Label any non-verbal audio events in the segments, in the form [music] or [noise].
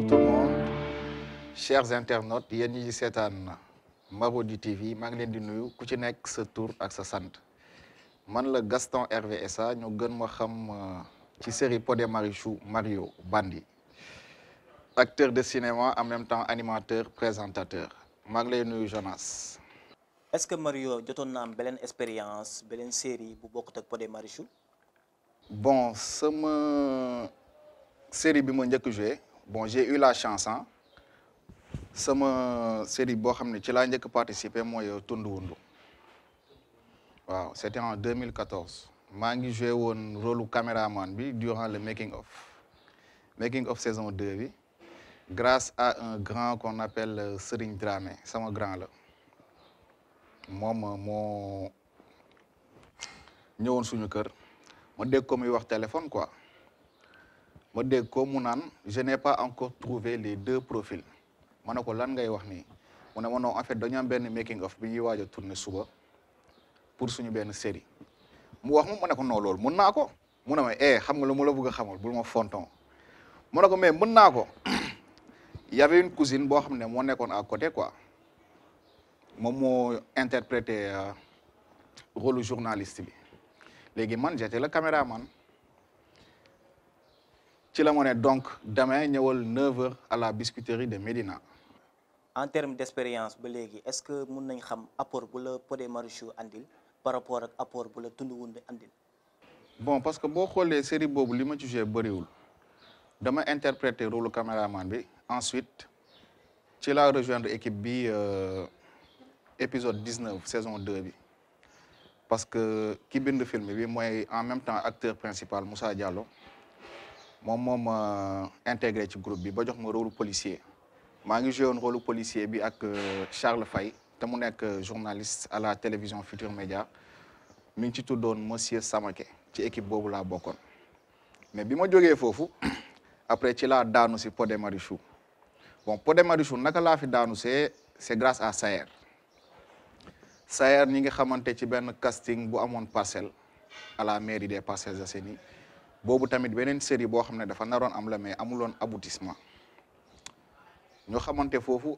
bonjour tout le monde chers internautes yéen ñi seetaan Mabody TV maa ngi leen ce nuyu ku ci nekk sa tur ak man la Gaston Hervé Essa ñu gën ma xam euh, ci série Podé Marichou Mario Bandi acteur de cinéma en même temps animateur présentateur maa ngi Jonas. est-ce que Mario a eu am beneen expérience belle série bu bokkut ak Podé Marichou. bon sama série bi ma joué bon j'ai eu la chance C'est hein. sama série bo xamné ci la ñëk participer moy tundu wundu waaw c'était en 2014 Ma ngi joué won rôle caméraman bi durant le making of making of saison 2 bi grâce à un grand qu'on appelle Serigne Dramé sama grand la moom mo ñëwon suñu kër ma dégg ko muy wax téléphone quoi ma ko je n'ai pas encore trouvé les deux profils ma ne ko lan ngay wax nii mu en fait dañu am making of bi ñuy waaj a tourner suba pour suñu benn série mu wax ma mu ne ko non loolu mun naa ko eh xam nga lu mu la bëgg a xamal bul ma fonton mu mais mën [clears throat] y avait une cousine boo xam ne moo à côté quoi moom moo interprété euh, rôle journaliste bi léegi man j'étais le caméraman ci la donc demain 9h à la biscuiterie de Médina. en termes d'expérience, est ce que vous avez un apport pour le Marichou andil par rapport à l'apport bu le andil. bon parce que boo la série boobu li ma ci le interpréter rôle caméraman ensuite je vais rejoindre l'équipe bi euh, épisode 19 saison 2 parce que ki bind film en même temps acteur principal Moussa Diallo. Moi, moi, intégré ci groupe bi ba jox ma rôle policier maa ngi joué un rôle policier bi ak euh, Charles Faye te mu euh, journaliste à la télévision Futur Média mi ngi ci tuddoon monsieur Samaké ci équipe boobu la bokkoon mais bi ma jógee foofu [clears throat] après ci laa daanu si Pod et Marichou bon Pod et Marichou naka laa fi daanu see c'est grâce à Sayer. Sayer, ñi nga xamante ci benn casting bu amoon parcelle à la mairie des Parcelles Assainies bobu tamit benen série bo xamné dafa narone am la mais amuloon aboutissement ñu xamanté fofu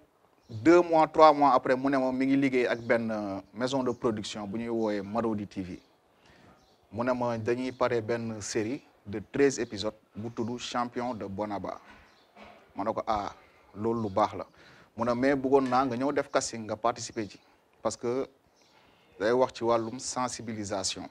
deux mois trois mois après mu ne ma mi ngi liggéey ak ben maison de production bu ñuy woyé Marodi TV mu ne ma dañuy paré ben série de treize épisodes bu tudd champion de Bonaba manoko ne ah loolu lu baax la mu mais bëggoon naa nga ñëw def casting nga participer ci parce que day wax ci walum sensibilisation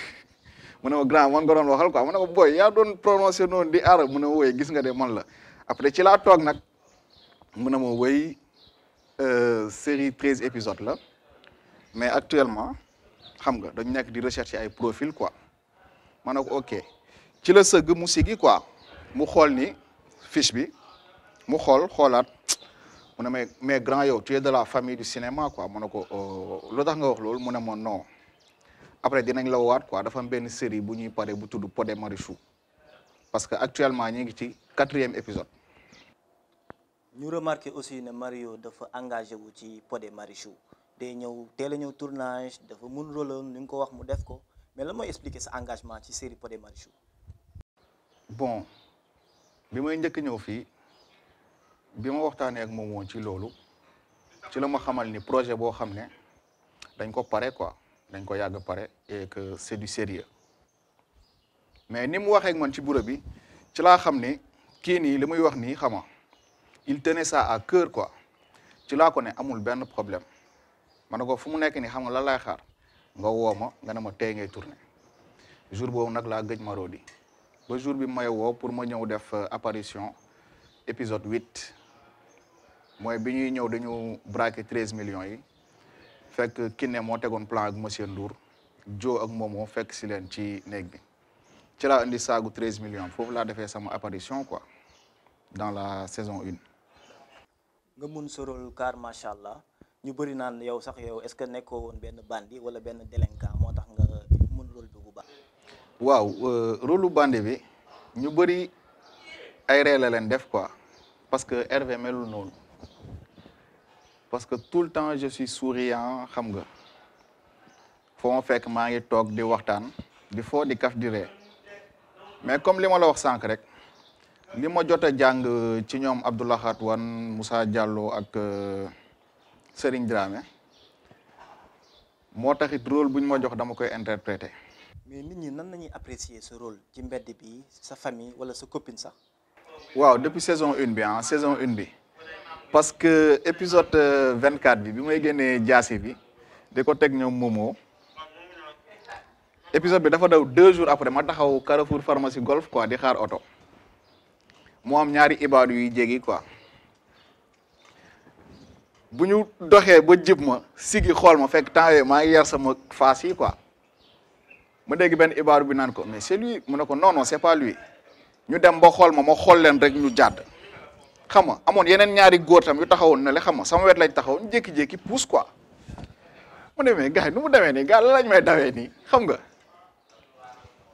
Je ne grand man nga doon waxal quoi mu boy yaa doon prononcé non di arab je eh, suis gis nga de man la après ci laa toog nag euh, série treize épisodes là. mais actuellement xam nga dañ nekk di recherche ay profil quoi ma ne ok ci la sëgg mu sigi quoi mu xool ni fiche bi mu xool xoolaat mu mais grand tu es de la famille du cinéma quoi mu ne ko oh, nga wax loolu non après dinañ la woowaat quoi dafa am benn série bu ñuy paré bu tuddu Pod et Marichou parce que actuellement ñi ngi ci quatrième épisode ñu remarquer aussi né Mario dafa engagé wu ci Pod et Marichou day ñëw teel a ñëw tournage dafa mun rôle ñu ko wax mu def ko mais la moy expliquer sa engagement ci série Pod et Marichou bon bi may njëkk ñëw fi bi ma waxtaanee ak moom woon ci lolu ci la ma xamal ni projet bo xamné dañ ko paré quoi dañ ko yàgg pare et que c'est du sérieux mais ni mu waxee ak man ci bureau bi ci laa xam ni kii nii li muy wax nii xama il tenait ça à cœur quoi ci laa ko ne amul benn problème ma ne ko fu mu nekk nii xam nga lan lay xaar nga woo ma nga ne ma tey ngay tourné jour boobu nag laa gëj Marodi ba jour bi may woo pour ma ñëw def euh, apparition épisode 8 mooy bi ñuy ñëw dañu braqué 13 millions yi fekk Kiné moo tegoon plan ak monsieur Ndour Joe ak Momo fekk si leen ci néeg bi ci laa indi saagu 13 millions foofu laa defee sama apparition quoi dans la saison 1 nga mun sorol car machallah ñu bari nan yow sax yow est-ce que nekkoo won ben bandi wala ben délinquant motax nga mun rôle bi bu baax. waaw euh, rôle lu bandi bi ñu bari ay ree la leen def quoi parce que Hervé melul noonu parce que tout le temps je suis souriant xam nga foo ma fekk maa ngi toog di waxtaan di foo di kaf di mais comme je ma la wax sànq rek li ma jot a jàng euh, ci ñoom Wan Moussa Diallo ak euh, Serigne Dramé moo taxit rôle bu ñu ma jox dama koy interpréter. mais nit ñi nan nañuy apprécier ce rôle ci mbedd bi sa famille wala sa copine sax. waaw depuis saison 1, bien hein, saison 1, bi parce que épisode 24 euh, bi bi may génnee jassé bi di ko teg ñoom Momo épisode bi dafa daw deux jours après ma taxaw Carrefour pharmacie golf quoi di xaar auto mo am ñaari ibad yu jéggi quoi bu ñu doxee ba jib ma sigi xol ma fekk temps ma ngi yar sama face yi quoi ma dégg ben ibad bi nan ko mais c'est lui mu ne ko non non c'est pas lui ñu dem ba xol ma ma xol leen rek ñu jadd xam nga amoon yeneen ñaari góor yu taxawun na le xam nga sama wet lañ taxawoon jékki-jékki pousse quoi mu demee gars yi nu mu demee nii gars la lañ may dawee nii xam nga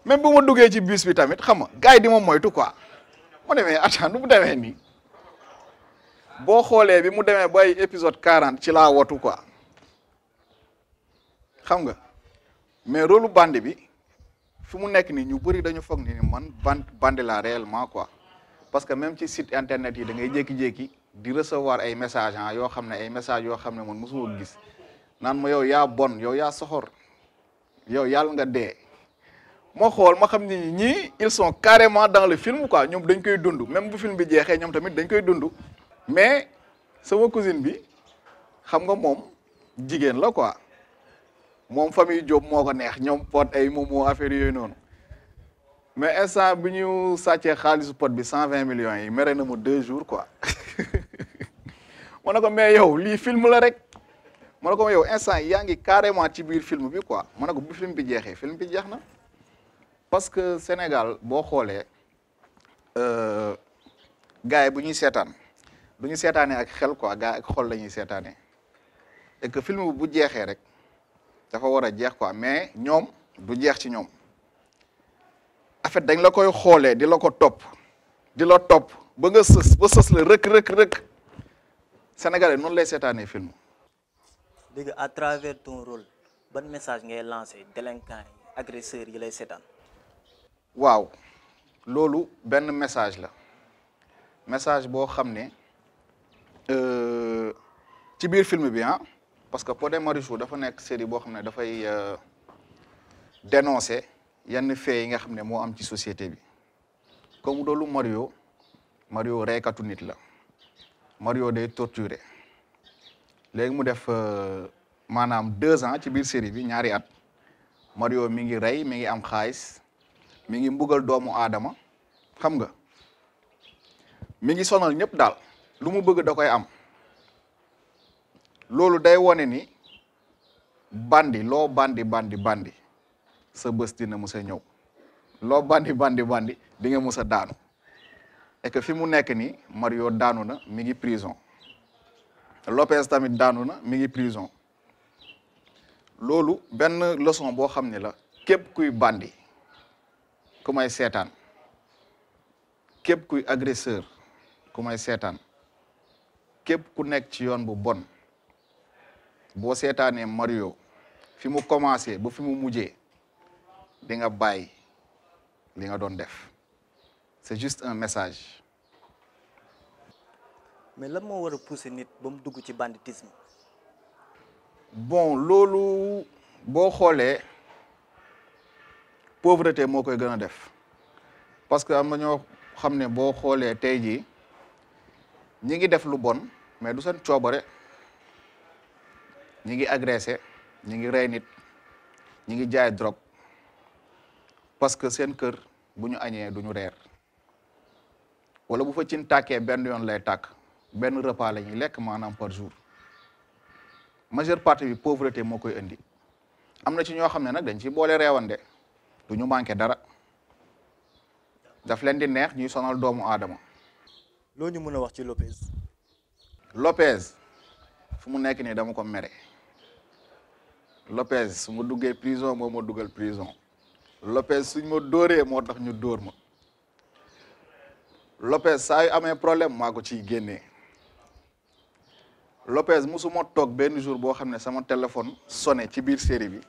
même bu ma duggee ci bus bi tamit xam nga gars yi di ma moytu quoi mu demee attends nu mu demee nii boo xoolee bi mu demee bay épisode quarante ci la watu quoi xam nga mais rôlu bandi bi fi mu nekk nii ñu bëri dañu foog ni man band bandi la réellement quoi parce que même ci site internet yi da ngay jékki-jékki di recevoir ay message ah yoo xam ne ay message yoo xam ne moon mosuma gis naan ma yow yaa bon yow yaa soxor yow yàlla nga dee ma xool ma xam ni ñi ils sont carrément dans le film quoi ñoom dañ koy dund même bu film bi jeexee ñoom tamit dañ koy dund mais sama cousine bi xam nga moom jigéen la quoi moom famille Diop moo ko neex ñoom pot ay momo affaire yooyu noonu mais instant bi ñu sàccee xaalisu pot bi cent millions yi mere na mu deux jours quoi [laughs] ma ne ko mais yow lii film la rek ma ne ko yow instant yaa ngi carrément ci biir film bi quoi ma ne bu film bi jeexee film bi jeex parce que Sénégal boo xoolee euh, gars yi bu ñuy seetaan du ak xel quoi gars yi ak xol et que film bu jeexee rek dafa war a quoi mais ñoom du jeex ci ñoom en fait dañ la koy di la ko di la ba nga sénégalais non lay film. à travers ton rôle ban message ngay lancé délinquant agresseur, agresseurs yi lay Wow, waaw lolu message la message bo xamné euh ci biir film bi ah, parce que Podé Marichou dafa nek série euh, dénoncer. yenn fee yi nga xam ne moo am ci société bi comme doolu Mario Mario reykatu nit la Mario day torturé léegi mu def euh, maanaam deux ans ci biir série bi ñaari at Mario mi ngi rey mi ngi am xaalis mi ngi mbugal doomu aadama xam nga mi ngi sonal ñëpp daal lu mu bëgg da koy am loolu day wone ni bandi loo bandi bandi bandi sa bés dina mus bandi bandi bandi di nga et que Mario daanu na mi prison Lopez tamit daanu na mi prison loolu ben leçon boo xam la bandi comme may seetaan képp kuy agresseur comme may seetaan képp ku nekk ci yoon bu Mario fi commencé ba di nga bàyyi li nga doon def c'est juste un message. mais lan moo war a pousser nit ba mu dugg ci banditisme. bon loolu boo xoolee pauvreté moo koy gën a def parce que am na ñoo xam ne boo xoolee tey jii ñi ngi def lu bon mais du seen coobare ñi ngi agressé ñi ngi rey nit ñi ngi jaay drogue parce que sen kër buñu qui duñu wala bu fa také repas par jour majeure partie bi pauvreté indi amna ci ño xamné ne dañ ci du manké dara daf di neex ñuy sonal doomu Lopez. Lopez nekk dama ko Lopez prison prison. Lopez suñ ma dóoree moo tax ñu dóor ma Lopez saayu amee problème maa ko ciy génnee Lopez musuma toog benn jour boo xam ne sama téléphone sonné ci biir série bi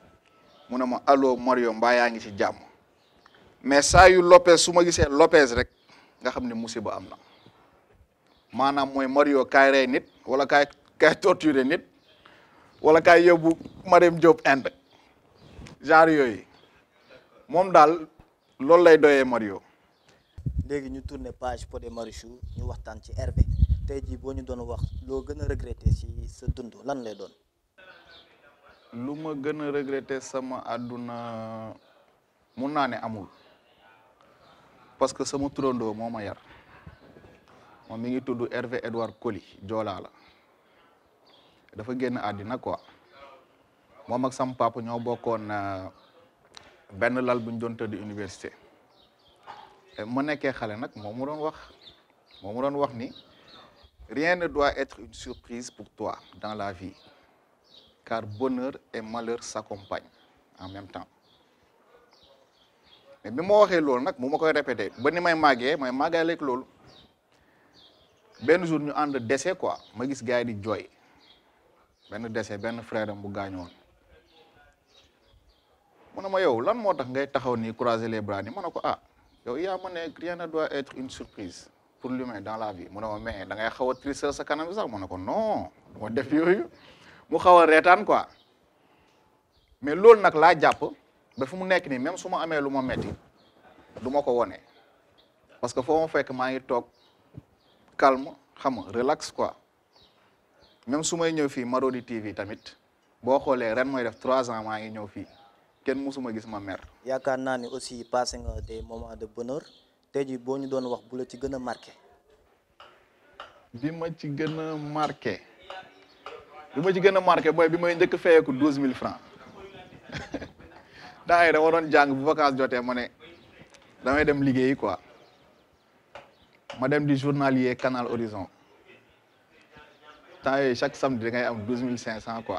mu ne ma allo Mario mbaa yaa ngi ci jàmm mais saayu yu Lopez su ma gisee Lopez rek nga xam ne musiba am na maanaam mooy Mario kaay rey wala ka kaay torturer nit wala kaay yóbbu Mariam Diop Inde genre yooyu moom daal loolu lay doyee Mario. léegi ñu tourné page Pod et Marichou ñu waxtaan ci RB tey jii boo ñu doon wax loo gën a regretter ci sa dund lan lay doon. lu ma gën a regretter sama àdduna mun naa ne amul parce que sama turandoo moo ma yar moom mi ngi tudd rv Edouard Coly joolaa la dafa génn àddina quoi moom ak sama papa ñoo bokkoon. Euh, ben lal buñ doon tëdd université mo nekké xalé nak moom mu doon wax moom mu doon wax ni rien ne doit être une surprise pour toi dans la vie car bonheur et malheur s'accompagnent en même temps mais bi ma waxee loolu nag mu ma koy ba ni may màggee may màggaleeg loolu jour ñu and décès quoi ma gis gaay di joy. ben décès ben frère am bu gaañoon mu ne yow lan moo tax ngay taxaw nii croiser les bras nii ma ah yow yaa ma ne rien ne doit être une surprise pour l'humain dans la vie mu ne ma mais da ngay xaw a triste sa kanam sax ma ne ko non du ma def yooyu mu xaw a reetaan quoi mais loolu nag laa jàpp ba fu mu nekk nii même su ma amee metti du ko wone parce que foo ma fekk maa ngi toog calme xam relax quoi même su may ñëw fii Marodi TV tamit boo xoolee ren mooy def trois ans maa ngi ñëw fii kenn mosuma gis ma mer. yaakaar naa ne aussi passe nga des moments de bonheur tey jii boo ñu doon wax bu ci gën a marqué. bi ma ci gën a marqué bi ma ci gën a marqué mooy bi may njëkk a fayeeku douze mille francs daa [laughs] yi dama doon jàng bu vacance jotee ma ne damay dem liggéey quoi ma dem di journalier Canal Horizon temps yooyu chaque samedi da ngay am douze mille cinq cent quoi.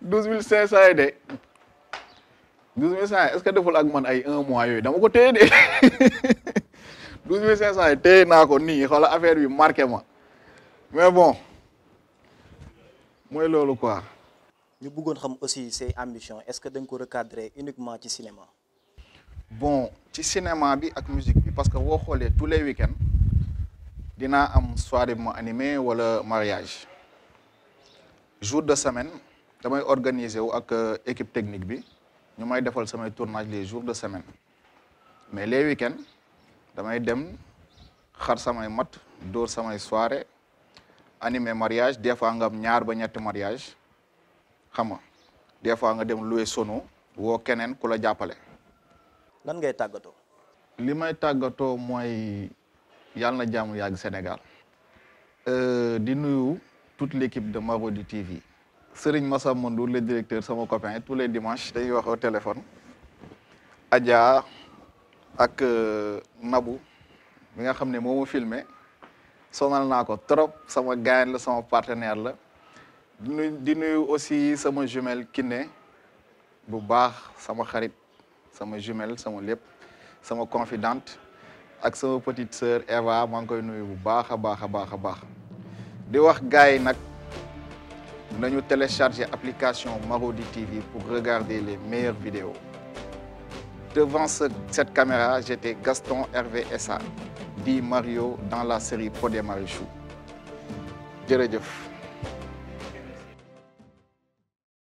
12500 500 aide. est ce que deful ak man ay un mois yoy dama ko téye de [laughs] douze mille cinq cent yi ko nii affaire bi marqué ma mais bon moy lolu quoi. ñu bëggoon xam aussi ses ambition est ce que tu as ko recadrer uniquement ci cinéma. bon ci cinéma bi ak musique bi parce que wo xolé tous les week-ends a am soirée mo ou animé wala mariage jour de semaine. damay organiser wu ak euh, équipe technique bi ñu may defal samay tournage les jours de semaine mais les week damay dem xar samay mat door samay soirée animer mariage des fois nga am ñaar ba ñetti mariage xam nga des fois nga dem louer sono woo keneen ku la jàppale. lan ngay tàggatoo. li may tàggatoo mooy yàlla na jàmm yàgg Sénégal. Euh, di nuyu toute l'équipe de Marodi TV. Serigne Massa Mondou, le directeur sama copain tous les dimanches dañuy wax au téléphone Adja ak euh, Nabou mi nga xam ne filmé sonal naa trop sama gain la son partenaire la di nuyu aussi sama jumelle Kiné bu baax sama xarit sama jumelle sama lépp sama confidente avec sama petite sœur Eva maa ngi koy nuyu bu baax a baax baax nous télécharger l'application Marodi TV pour regarder les meilleures vidéos. Devant cette caméra, j'étais Gaston Hervé Essa, dit Mario dans la série Podé Marichou.